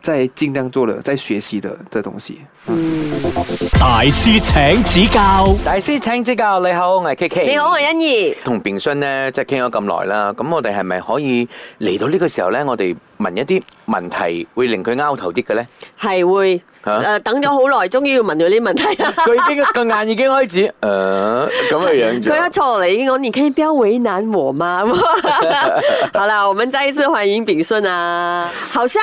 在盡量做的，在學習的的東西。嗯、大師請指教，大師請指教。你好，我係 K K。你好，我係欣怡。同炳順呢，即係傾咗咁耐啦。咁我哋係咪可以嚟到呢個時候咧？我哋問一啲問題，會令佢拗頭啲嘅咧？係會。誒、啊呃，等咗好耐，終於要問到呢問題了。佢 已經個眼已經開始，誒、呃，咁嘅樣。佢一坐嚟已經講，你可以不為難我嗎？ 好啦，我們再一次歡迎炳順啊， 好像。